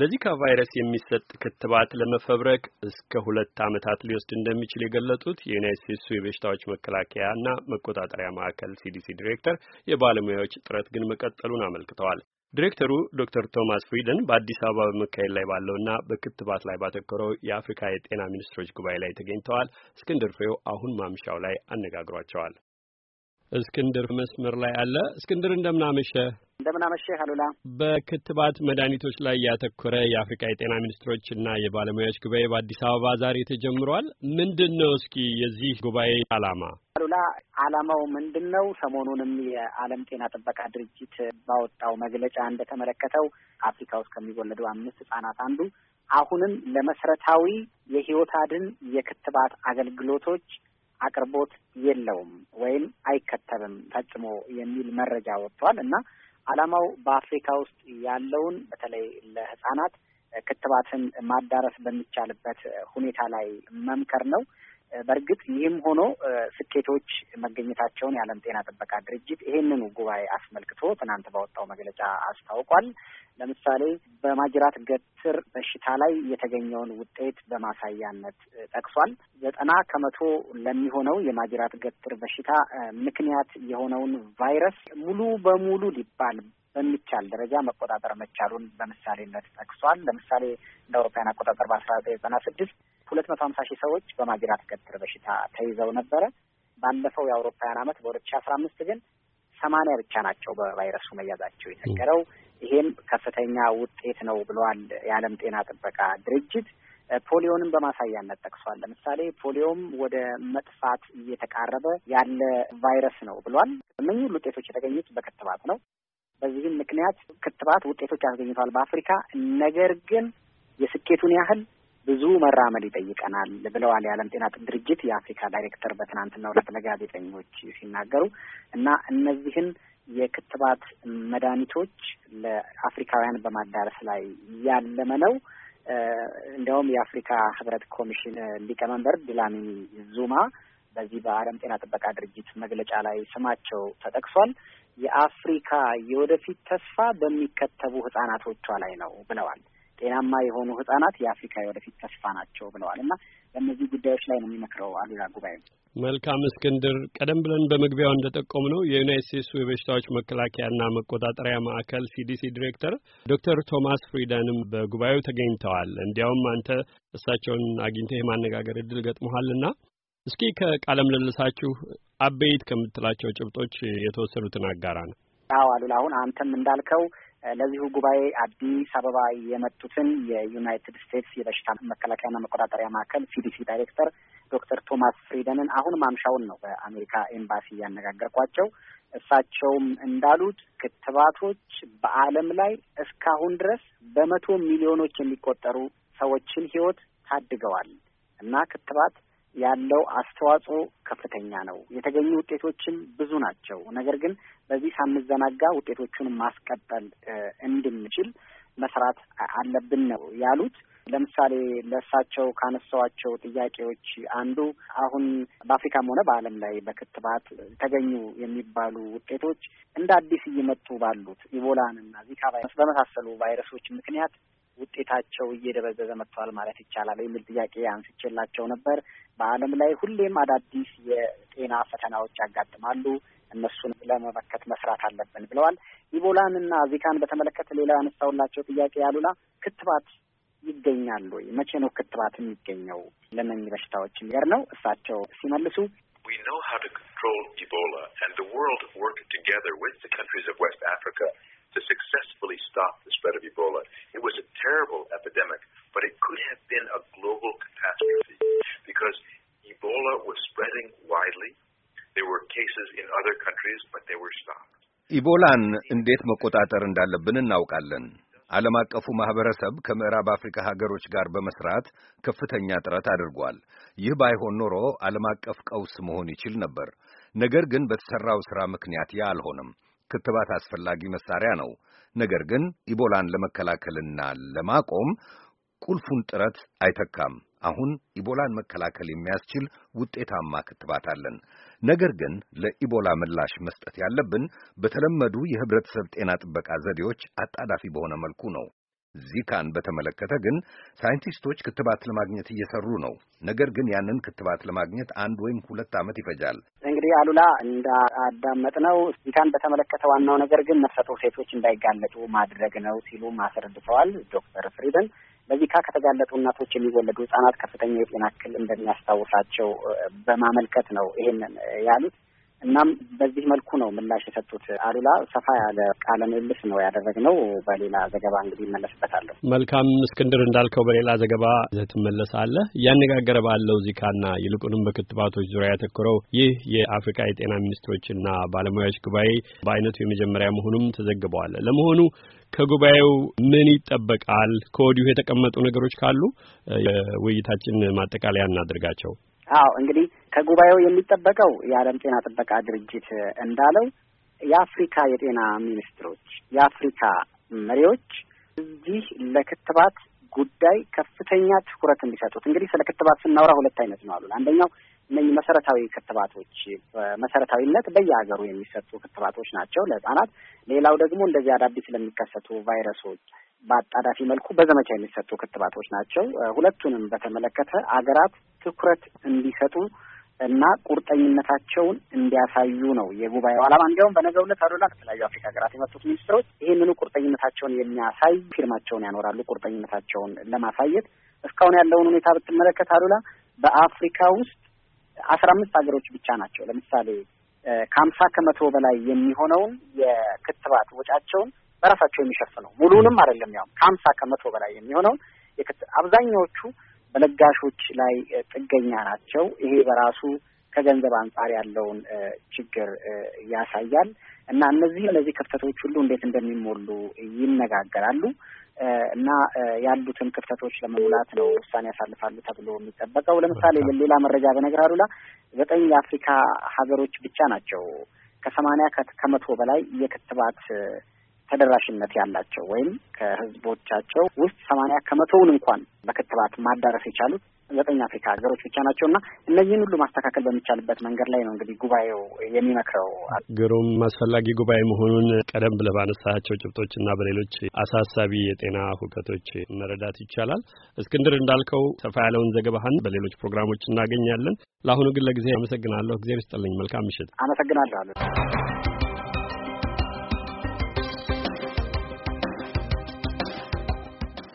ለዚካ ቫይረስ የሚሰጥ ክትባት ለመፈብረክ እስከ ሁለት ዓመታት ሊወስድ እንደሚችል የገለጹት የዩናይት ስቴትሱ የበሽታዎች እና መቆጣጠሪያ ማዕከል ሲዲሲ ዲሬክተር የባለሙያዎች ጥረት ግን መቀጠሉን አመልክተዋል። ዲሬክተሩ ዶክተር ቶማስ ፍሪደን በአዲስ አበባ በመካሄድ ላይ ባለውና በክትባት ላይ ባተኮረው የአፍሪካ የጤና ሚኒስትሮች ጉባኤ ላይ ተገኝተዋል። እስክንድር ፍሬው አሁን ማምሻው ላይ አነጋግሯቸዋል። እስክንድር መስመር ላይ አለ። እስክንድር እንደምናመሸ እንደምናመሸ አሉላ። በክትባት መድኃኒቶች ላይ ያተኮረ የአፍሪካ የጤና ሚኒስትሮች እና የባለሙያዎች ጉባኤ በአዲስ አበባ ዛሬ ተጀምሯል። ምንድን ነው እስኪ የዚህ ጉባኤ አላማ አሉላ አላማው ምንድን ነው? ሰሞኑንም የዓለም ጤና ጥበቃ ድርጅት ባወጣው መግለጫ እንደተመለከተው አፍሪካ ውስጥ ከሚወለዱ አምስት ህጻናት አንዱ አሁንም ለመሰረታዊ የህይወት አድን የክትባት አገልግሎቶች አቅርቦት የለውም ወይም አይከተብም ፈጽሞ የሚል መረጃ ወጥቷል እና ዓላማው በአፍሪካ ውስጥ ያለውን በተለይ ለህጻናት ክትባትን ማዳረስ በሚቻልበት ሁኔታ ላይ መምከር ነው። በእርግጥ ይህም ሆኖ ስኬቶች መገኘታቸውን የዓለም ጤና ጥበቃ ድርጅት ይህንኑ ጉባኤ አስመልክቶ ትናንት ባወጣው መግለጫ አስታውቋል። ለምሳሌ በማጅራት ገትር በሽታ ላይ የተገኘውን ውጤት በማሳያነት ጠቅሷል። ዘጠና ከመቶ ለሚሆነው የማጅራት ገትር በሽታ ምክንያት የሆነውን ቫይረስ ሙሉ በሙሉ ሊባል በሚቻል ደረጃ መቆጣጠር መቻሉን በምሳሌነት ጠቅሷል። ለምሳሌ እንደ አውሮፓውያን አቆጣጠር በአስራ ዘጠኝ ዘጠና ስድስት ሁለት መቶ ሀምሳ ሺህ ሰዎች በማጅራት ገትር በሽታ ተይዘው ነበረ። ባለፈው የአውሮፓውያን ዓመት በሁለት ሺህ አስራ አምስት ግን ሰማንያ ብቻ ናቸው በቫይረሱ መያዛቸው የነገረው። ይሄም ከፍተኛ ውጤት ነው ብለዋል የዓለም ጤና ጥበቃ ድርጅት። ፖሊዮንም በማሳያነት ጠቅሷል። ለምሳሌ ፖሊዮም ወደ መጥፋት እየተቃረበ ያለ ቫይረስ ነው ብሏል። እነኚህ ሁሉ ውጤቶች የተገኙት በክትባት ነው። በዚህም ምክንያት ክትባት ውጤቶች ያስገኝተዋል በአፍሪካ ነገር ግን የስኬቱን ያህል ብዙ መራመድ ይጠይቀናል ብለዋል የዓለም ጤና ድርጅት የአፍሪካ ዳይሬክተር በትናንትናው ዕለት ለጋዜጠኞች ሲናገሩ እና እነዚህን የክትባት መድኃኒቶች ለአፍሪካውያን በማዳረስ ላይ ያለመ ነው። እንዲያውም የአፍሪካ ህብረት ኮሚሽን ሊቀመንበር ድላሚ ዙማ በዚህ በዓለም ጤና ጥበቃ ድርጅት መግለጫ ላይ ስማቸው ተጠቅሷል። የአፍሪካ የወደፊት ተስፋ በሚከተቡ ህጻናቶቿ ላይ ነው ብለዋል። ጤናማ የሆኑ ህጻናት የአፍሪካ የወደፊት ተስፋ ናቸው ብለዋል እና በእነዚህ ጉዳዮች ላይ ነው የሚመክረው አሉላ ጉባኤ። መልካም እስክንድር፣ ቀደም ብለን በመግቢያው እንደጠቆም ነው የዩናይት ስቴትሱ የበሽታዎች መከላከያና መቆጣጠሪያ ማዕከል ሲዲሲ ዲሬክተር ዶክተር ቶማስ ፍሪደንም በጉባኤው ተገኝተዋል። እንዲያውም አንተ እሳቸውን አግኝተህ የማነጋገር እድል ገጥሞሃልና እስኪ ከቃለ ምልልሳችሁ አበይት ከምትላቸው ጭብጦች የተወሰኑትን አጋራ ነው። አዎ አሉላ፣ አሁን አንተም እንዳልከው ለዚሁ ጉባኤ አዲስ አበባ የመጡትን የዩናይትድ ስቴትስ የበሽታ መከላከያና መቆጣጠሪያ ማዕከል ሲዲሲ ዳይሬክተር ዶክተር ቶማስ ፍሪደንን አሁን ማምሻውን ነው በአሜሪካ ኤምባሲ ያነጋገርኳቸው። እሳቸውም እንዳሉት ክትባቶች በዓለም ላይ እስካሁን ድረስ በመቶ ሚሊዮኖች የሚቆጠሩ ሰዎችን ሕይወት ታድገዋል እና ክትባት ያለው አስተዋጽኦ ከፍተኛ ነው። የተገኙ ውጤቶችም ብዙ ናቸው። ነገር ግን በዚህ ሳንዘናጋ ውጤቶቹን ማስቀጠል እንድንችል መስራት አለብን ነው ያሉት። ለምሳሌ ለእሳቸው ካነሳዋቸው ጥያቄዎች አንዱ አሁን በአፍሪካም ሆነ በዓለም ላይ በክትባት ተገኙ የሚባሉ ውጤቶች እንደ አዲስ እየመጡ ባሉት ኢቦላን እና ዚካ ቫይረስ በመሳሰሉ ቫይረሶች ምክንያት ውጤታቸው እየደበዘዘ መጥተዋል ማለት ይቻላል የሚል ጥያቄ አንስቼላቸው ነበር። በዓለም ላይ ሁሌም አዳዲስ የጤና ፈተናዎች ያጋጥማሉ። እነሱን ለመመከት መስራት አለብን ብለዋል። ኢቦላን እና ዚካን በተመለከተ ሌላ ያነሳውላቸው ጥያቄ ያሉላ ክትባት ይገኛል ወይ? መቼ ነው ክትባት የሚገኘው ለእነኚህ በሽታዎች የሚገር ነው። እሳቸው ሲመልሱ We know how to control Ebola and the world worked together with the countries of West Africa to successfully stop the spread of Ebola. It was a terrible epidemic, but it could have been a global catastrophe because Ebola was spreading widely. There were cases in other countries, but they were stopped. ኢቦላን እንዴት መቆጣጠር እንዳለብን እናውቃለን። ዓለም አቀፉ ማህበረሰብ ከምዕራብ አፍሪካ ሀገሮች ጋር በመስራት ከፍተኛ ጥረት አድርጓል። ይህ ባይሆን ኖሮ ዓለም አቀፍ ቀውስ መሆን ይችል ነበር። ነገር ግን በተሰራው ሥራ ምክንያት ያ አልሆነም። ክትባት አስፈላጊ መሳሪያ ነው። ነገር ግን ኢቦላን ለመከላከልና ለማቆም ቁልፉን ጥረት አይተካም። አሁን ኢቦላን መከላከል የሚያስችል ውጤታማ ክትባት አለን። ነገር ግን ለኢቦላ ምላሽ መስጠት ያለብን በተለመዱ የህብረተሰብ ጤና ጥበቃ ዘዴዎች አጣዳፊ በሆነ መልኩ ነው። ዚካን በተመለከተ ግን ሳይንቲስቶች ክትባት ለማግኘት እየሰሩ ነው። ነገር ግን ያንን ክትባት ለማግኘት አንድ ወይም ሁለት ዓመት ይፈጃል። እንግዲህ አሉላ እንዳዳመጥ ነው ቲታን በተመለከተ ዋናው ነገር ግን ነፍሰ ሴቶች እንዳይጋለጡ ማድረግ ነው ሲሉ አስረድተዋል ዶክተር ፍሪደን። በዚካ ከተጋለጡ እናቶች የሚወለዱ ህጻናት ከፍተኛ የጤና እክል እንደሚያስታውሳቸው በማመልከት ነው ይሄንን ያሉት። እናም በዚህ መልኩ ነው ምላሽ የሰጡት። አሉላ ሰፋ ያለ ቃለ ምልልስ ነው ያደረግነው። በሌላ ዘገባ እንግዲህ እመለስበታለሁ። መልካም እስክንድር፣ እንዳልከው በሌላ ዘገባ ትመለሳለህ። እያነጋገረ ባለው ዚካና ይልቁንም በክትባቶች ዙሪያ ያተኮረው ይህ የአፍሪካ የጤና ሚኒስትሮችና ባለሙያዎች ጉባኤ በአይነቱ የመጀመሪያ መሆኑም ተዘግበዋል። ለመሆኑ ከጉባኤው ምን ይጠበቃል? ከወዲሁ የተቀመጡ ነገሮች ካሉ የውይይታችን ማጠቃለያ እናድርጋቸው። አዎ እንግዲህ ከጉባኤው የሚጠበቀው የዓለም ጤና ጥበቃ ድርጅት እንዳለው የአፍሪካ የጤና ሚኒስትሮች፣ የአፍሪካ መሪዎች እዚህ ለክትባት ጉዳይ ከፍተኛ ትኩረት እንዲሰጡት። እንግዲህ ስለ ክትባት ስናወራ ሁለት አይነት ነው አሉ። አንደኛው እነዚህ መሰረታዊ ክትባቶች መሰረታዊነት በየሀገሩ የሚሰጡ ክትባቶች ናቸው ለህጻናት። ሌላው ደግሞ እንደዚህ አዳዲስ ለሚከሰቱ ቫይረሶች በአጣዳፊ መልኩ በዘመቻ የሚሰጡ ክትባቶች ናቸው። ሁለቱንም በተመለከተ አገራት ትኩረት እንዲሰጡ እና ቁርጠኝነታቸውን እንዲያሳዩ ነው የጉባኤው ዓላማ። እንዲያውም በነገው ዕለት አሉላ ከተለያዩ አፍሪካ ሀገራት የመጡት ሚኒስትሮች ይህንኑ ቁርጠኝነታቸውን የሚያሳይ ፊርማቸውን ያኖራሉ። ቁርጠኝነታቸውን ለማሳየት እስካሁን ያለውን ሁኔታ ብትመለከት አሉላ በአፍሪካ ውስጥ አስራ አምስት ሀገሮች ብቻ ናቸው ለምሳሌ ከአምሳ ከመቶ በላይ የሚሆነውን የክትባት ወጫቸውን በራሳቸው የሚሸፍነው ሙሉንም አይደለም ያውም ከአምሳ ከመቶ በላይ የሚሆነውን አብዛኛዎቹ በለጋሾች ላይ ጥገኛ ናቸው። ይሄ በራሱ ከገንዘብ አንጻር ያለውን ችግር ያሳያል እና እነዚህ እነዚህ ክፍተቶች ሁሉ እንዴት እንደሚሞሉ ይነጋገራሉ እና ያሉትን ክፍተቶች ለመሙላት ነው ውሳኔ ያሳልፋሉ ተብሎ የሚጠበቀው። ለምሳሌ ሌላ መረጃ በነገር አሉላ ዘጠኝ የአፍሪካ ሀገሮች ብቻ ናቸው ከሰማንያ ከመቶ በላይ የክትባት ተደራሽነት ያላቸው ወይም ከህዝቦቻቸው ውስጥ ሰማንያ ከመቶውን እንኳን በክትባት ማዳረስ የቻሉት ዘጠኝ አፍሪካ ሀገሮች ብቻ ናቸው እና እነዚህን ሁሉ ማስተካከል በሚቻልበት መንገድ ላይ ነው እንግዲህ ጉባኤው የሚመክረው። ግሩም አስፈላጊ ጉባኤ መሆኑን ቀደም ብለህ ባነሳቸው ጭብጦች እና በሌሎች አሳሳቢ የጤና ሁከቶች መረዳት ይቻላል። እስክንድር እንዳልከው ሰፋ ያለውን ዘገባህን በሌሎች ፕሮግራሞች እናገኛለን። ለአሁኑ ግን ለጊዜ አመሰግናለሁ። እግዚአብሔር ይስጥልኝ። መልካም ምሽት። አመሰግናለሁ።